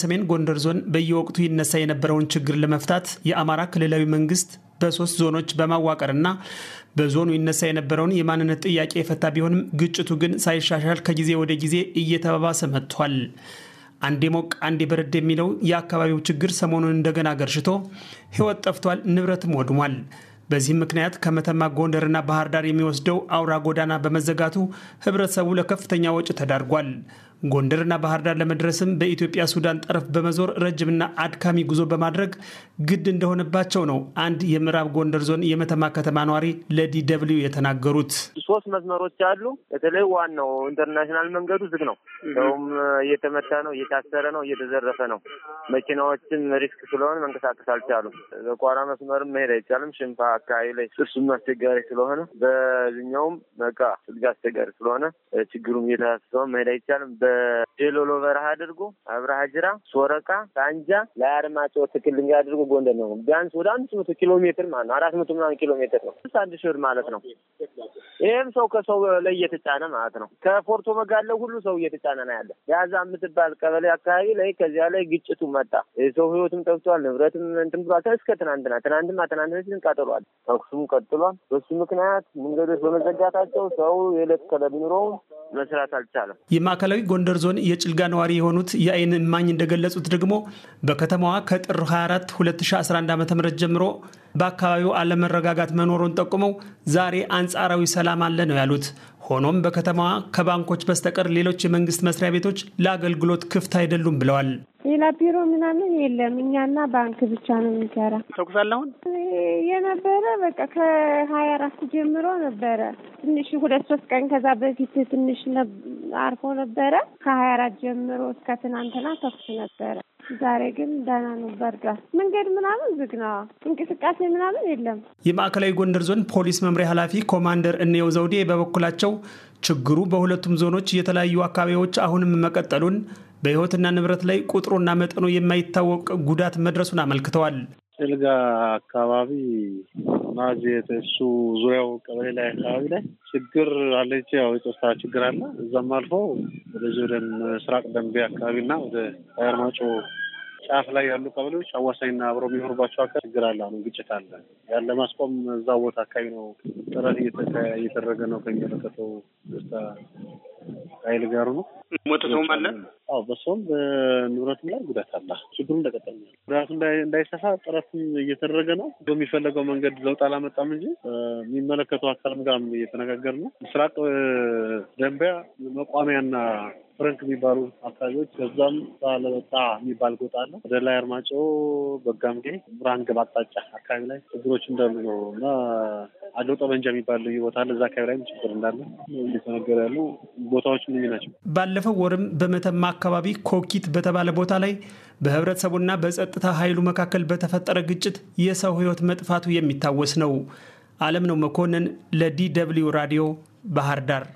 ሰሜን ጎንደር ዞን በየወቅቱ ይነሳ የነበረውን ችግር ለመፍታት የአማራ ክልላዊ መንግስት በሶስት ዞኖች በማዋቀርና በዞኑ ይነሳ የነበረውን የማንነት ጥያቄ የፈታ ቢሆንም ግጭቱ ግን ሳይሻሻል ከጊዜ ወደ ጊዜ እየተባባሰ መጥቷል። አንዴ ሞቅ አንዴ በረድ የሚለው የአካባቢው ችግር ሰሞኑን እንደገና ገርሽቶ ሕይወት ጠፍቷል፣ ንብረትም ወድሟል። በዚህም ምክንያት ከመተማ ጎንደርና ባህር ዳር የሚወስደው አውራ ጎዳና በመዘጋቱ ህብረተሰቡ ለከፍተኛ ወጪ ተዳርጓል። ጎንደርና ባህር ዳር ለመድረስም በኢትዮጵያ ሱዳን ጠረፍ በመዞር ረጅምና አድካሚ ጉዞ በማድረግ ግድ እንደሆነባቸው ነው አንድ የምዕራብ ጎንደር ዞን የመተማ ከተማ ነዋሪ ለዲደብሊው የተናገሩት። ሶስት መስመሮች አሉ። በተለይ ዋናው ኢንተርናሽናል መንገዱ ዝግ ነው። ሰውም እየተመታ ነው፣ እየታሰረ ነው፣ እየተዘረፈ ነው። መኪናዎችም ሪስክ ስለሆነ መንቀሳቀስ አልቻሉም። በቋራ መስመርም መሄድ አይቻልም። ሽንፋ አካባቢ ላይ እሱም አስቸጋሪ ስለሆነ በዚኛውም በቃ ስልግ አስቸጋሪ ስለሆነ ችግሩም እየተሳሰበ መሄድ አይቻልም። ጀሎሎ በረሃ አድርጎ አብረሃ ጅራ፣ ሶረቃ፣ ሳንጃ ላይ አርማጭሆ ትክልኝ አድርጎ ጎንደር ነው። ቢያንስ ወደ አንድ መቶ ኪሎ ሜትር ማለት ነው አራት መቶ ምናምን ኪሎ ሜትር ነው። አንድ ሺህ ብር ማለት ነው። ይህም ሰው ከሰው ላይ እየተጫነ ማለት ነው። ከፎርቶ መጋለው ሁሉ ሰው እየተጫነ ነው ያለ። ያዛ የምትባል ቀበሌ አካባቢ ላይ ከዚያ ላይ ግጭቱ መጣ። የሰው ህይወትም ጠፍቷል፣ ንብረትም እንትን ብሏል። እስከ ትናንትና ትናንትና ትናንትና ሲል ቃጠሏል። ተኩሱም ቀጥሏል። በሱ ምክንያት መንገዶች በመዘጋታቸው ሰው የዕለት ከዕለት ኑሮውን መስራት አልቻለም። የማዕከላዊ ጎንደር ዞን የጭልጋ ነዋሪ የሆኑት የአይን እማኝ እንደገለጹት ደግሞ በከተማዋ ከጥር 24 2011 ዓ ም ጀምሮ በአካባቢው አለመረጋጋት መኖሩን ጠቁመው ዛሬ አንጻራዊ ሰላም አለ ነው ያሉት። ሆኖም በከተማዋ ከባንኮች በስተቀር ሌሎች የመንግስት መስሪያ ቤቶች ለአገልግሎት ክፍት አይደሉም ብለዋል። ሌላ ቢሮ ምናምን የለም። እኛና ባንክ ብቻ ነው የሚሰራ። ተኩስ አለ አሁን የነበረ በቃ ከሀያ አራት ጀምሮ ነበረ ትንሽ ሁለት ሶስት ቀን ከዛ በፊት ትንሽ አርፎ ነበረ። ከሀያ አራት ጀምሮ እስከ ትናንትና ተኩስ ነበረ። ዛሬ ግን ደህና ነው፣ በርዷል። መንገድ ምናምን ዝግ ነው፣ እንቅስቃሴ ምናምን የለም። የማዕከላዊ ጎንደር ዞን ፖሊስ መምሪያ ኃላፊ ኮማንደር እንየው ዘውዴ በበኩላቸው ችግሩ በሁለቱም ዞኖች የተለያዩ አካባቢዎች አሁንም መቀጠሉን በሕይወትና ንብረት ላይ ቁጥሩና መጠኑ የማይታወቅ ጉዳት መድረሱን አመልክተዋል። ስልጋ አካባቢ ናዚ እሱ ዙሪያው ቀበሌ ላይ አካባቢ ላይ ችግር አለ ያው የጸጥታ ችግር አለ። እዛም አልፎ ወደዚህ ወደ ምስራቅ ደንቤ አካባቢ አካባቢና ወደ አርማጮ ጫፍ ላይ ያሉ ቀበሌዎች አዋሳኝና አብሮ የሚኖርባቸው አካባቢ ችግር አለ። አሁን ግጭት አለ። ያን ለማስቆም እዛ ቦታ አካባቢ ነው ጥረት እየተደረገ ነው ከሚመለከተው ስታ ኃይል ጋሩ ነው። ሞተ ሰውም አለ። አዎ በሰውም በንብረቱም ላይ ጉዳት አለ። ችግሩ እንደቀጠለ ነው። ጉዳቱ እንዳይሰፋ ጥረትም እየተደረገ ነው። በሚፈለገው መንገድ ለውጥ አላመጣም እንጂ የሚመለከተው አካልም ጋር እየተነጋገር ነው። ምስራቅ ደንቢያ መቋሚያና ፍረንክ የሚባሉ አካባቢዎች ከዛም ባለበጣ የሚባል ጎጣ አለ። ወደ ላይ አርማጮ፣ በጋምጌ፣ ብርሃንገብ አቅጣጫ አካባቢ ላይ ችግሮች እንዳሉ ነው እና አለው ጠበንጃ የሚባል ልዩ ቦታ አለ። እዛ አካባቢ ላይም ችግር እንዳለ እየተነገረ ያሉ ቦታዎች ልዩ ናቸው። ባለፈው ወርም በመተማ አካባቢ ኮኪት በተባለ ቦታ ላይ በህብረተሰቡና በጸጥታ ኃይሉ መካከል በተፈጠረ ግጭት የሰው ህይወት መጥፋቱ የሚታወስ ነው። አለም ነው መኮንን ለዲ ደብልዩ ራዲዮ ባህር ዳር